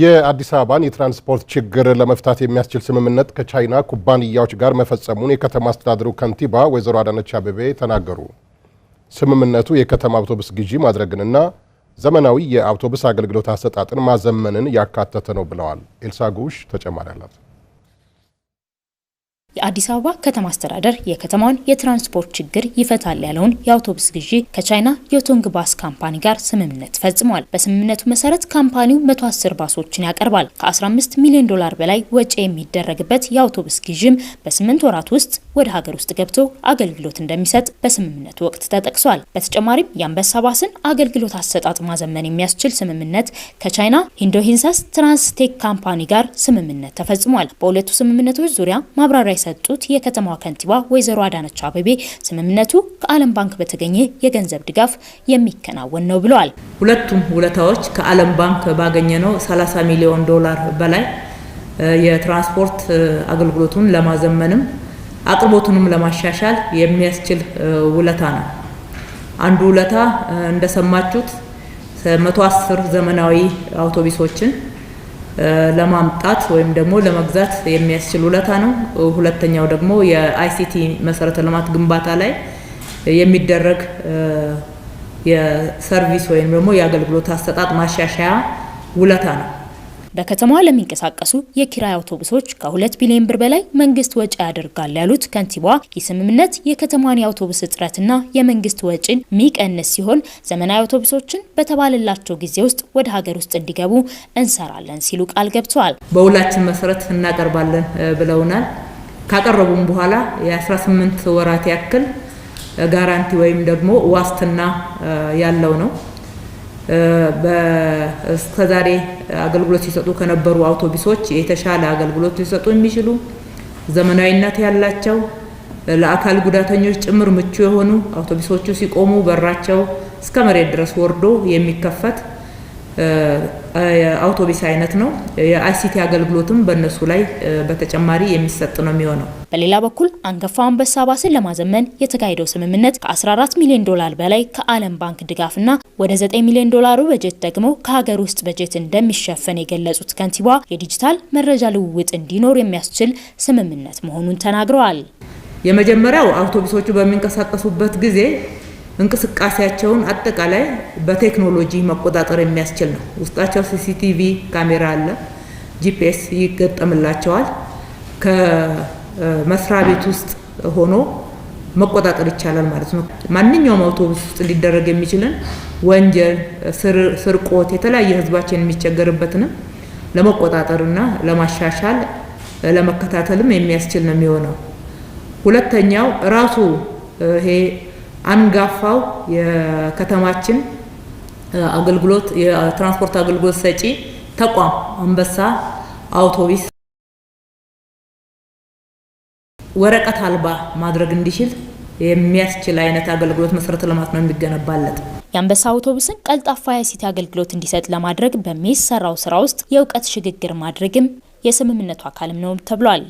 የአዲስ አበባን የትራንስፖርት ችግር ለመፍታት የሚያስችል ስምምነት ከቻይና ኩባንያዎች ጋር መፈጸሙን የከተማ አስተዳደሩ ከንቲባ ወይዘሮ አዳነች አቤቤ ተናገሩ። ስምምነቱ የከተማ አውቶቡስ ግዢ ማድረግንና ዘመናዊ የአውቶቡስ አገልግሎት አሰጣጥን ማዘመንን ያካተተ ነው ብለዋል። ኤልሳ ጉሽ ተጨማሪ አላት። የአዲስ አበባ ከተማ አስተዳደር የከተማውን የትራንስፖርት ችግር ይፈታል ያለውን የአውቶቡስ ግዢ ከቻይና የቶንግ ባስ ካምፓኒ ጋር ስምምነት ፈጽሟል። በስምምነቱ መሰረት ካምፓኒው 110 ባሶችን ያቀርባል። ከ15 ሚሊዮን ዶላር በላይ ወጪ የሚደረግበት የአውቶቡስ ግዢም በስምንት ወራት ውስጥ ወደ ሀገር ውስጥ ገብቶ አገልግሎት እንደሚሰጥ በስምምነቱ ወቅት ተጠቅሷል። በተጨማሪም የአንበሳ ባስን አገልግሎት አሰጣጥ ማዘመን የሚያስችል ስምምነት ከቻይና ሂንዶሂንሳስ ትራንስቴክ ካምፓኒ ጋር ስምምነት ተፈጽሟል። በሁለቱ ስምምነቶች ዙሪያ ማብራሪያ የሰጡት የከተማዋ ከንቲባ ወይዘሮ አዳነች አቤቤ ስምምነቱ ከዓለም ባንክ በተገኘ የገንዘብ ድጋፍ የሚከናወን ነው ብለዋል። ሁለቱም ውለታዎች ከዓለም ባንክ ባገኘ ነው 30 ሚሊዮን ዶላር በላይ የትራንስፖርት አገልግሎቱን ለማዘመንም አቅርቦቱንም ለማሻሻል የሚያስችል ውለታ ነው። አንዱ ውለታ እንደሰማችሁት 110 ዘመናዊ አውቶቡሶችን ለማምጣት ወይም ደግሞ ለመግዛት የሚያስችል ውለታ ነው። ሁለተኛው ደግሞ የአይሲቲ መሰረተ ልማት ግንባታ ላይ የሚደረግ የሰርቪስ ወይም ደግሞ የአገልግሎት አሰጣጥ ማሻሻያ ውለታ ነው። በከተማዋ ለሚንቀሳቀሱ የኪራይ አውቶቡሶች ከሁለት ቢሊዮን ብር በላይ መንግስት ወጪ ያደርጋል ያሉት ከንቲባ የስምምነት ስምምነት የከተማዋን የአውቶቡስ እጥረትና የመንግስት ወጪን የሚቀንስ ሲሆን ዘመናዊ አውቶቡሶችን በተባለላቸው ጊዜ ውስጥ ወደ ሀገር ውስጥ እንዲገቡ እንሰራለን ሲሉ ቃል ገብተዋል። በውላችን መሰረት እናቀርባለን ብለውናል። ካቀረቡም በኋላ የ18 ወራት ያክል ጋራንቲ ወይም ደግሞ ዋስትና ያለው ነው። እስከዛሬ አገልግሎት ሲሰጡ ከነበሩ አውቶቡሶች የተሻለ አገልግሎት ሊሰጡ የሚችሉ ዘመናዊነት ያላቸው ለአካል ጉዳተኞች ጭምር ምቹ የሆኑ አውቶቡሶቹ ሲቆሙ በራቸው እስከ መሬት ድረስ ወርዶ የሚከፈት የአውቶቡስ አይነት ነው። የአይሲቲ አገልግሎትም በእነሱ ላይ በተጨማሪ የሚሰጥ ነው የሚሆነው። በሌላ በኩል አንገፋ አንበሳ ባስን ለማዘመን የተካሄደው ስምምነት ከ14 ሚሊዮን ዶላር በላይ ከዓለም ባንክ ድጋፍና ወደ 9 ሚሊዮን ዶላሩ በጀት ደግሞ ከሀገር ውስጥ በጀት እንደሚሸፈን የገለጹት ከንቲባ የዲጂታል መረጃ ልውውጥ እንዲኖር የሚያስችል ስምምነት መሆኑን ተናግረዋል። የመጀመሪያው አውቶቡሶቹ በሚንቀሳቀሱበት ጊዜ እንቅስቃሴያቸውን አጠቃላይ በቴክኖሎጂ መቆጣጠር የሚያስችል ነው። ውስጣቸው ሲሲቲቪ ካሜራ አለ፣ ጂፒኤስ ይገጠምላቸዋል። ከመስሪያ ቤት ውስጥ ሆኖ መቆጣጠር ይቻላል ማለት ነው። ማንኛውም አውቶቡስ ውስጥ ሊደረግ የሚችልን ወንጀል፣ ስርቆት፣ የተለያየ ህዝባችን የሚቸገርበትንም ለመቆጣጠርና ለማሻሻል ለመከታተልም የሚያስችል ነው የሚሆነው። ሁለተኛው ራሱ ይሄ አንጋፋው የከተማችን አገልግሎት የትራንስፖርት አገልግሎት ሰጪ ተቋም አንበሳ አውቶቢስ ወረቀት አልባ ማድረግ እንዲችል የሚያስችል አይነት አገልግሎት መሰረተ ልማት ነው የሚገነባለት። የአንበሳ አውቶቡስን ቀልጣፋ የሲቲ አገልግሎት እንዲሰጥ ለማድረግ በሚሰራው ስራ ውስጥ የእውቀት ሽግግር ማድረግም የስምምነቱ አካልም ነው ተብሏል።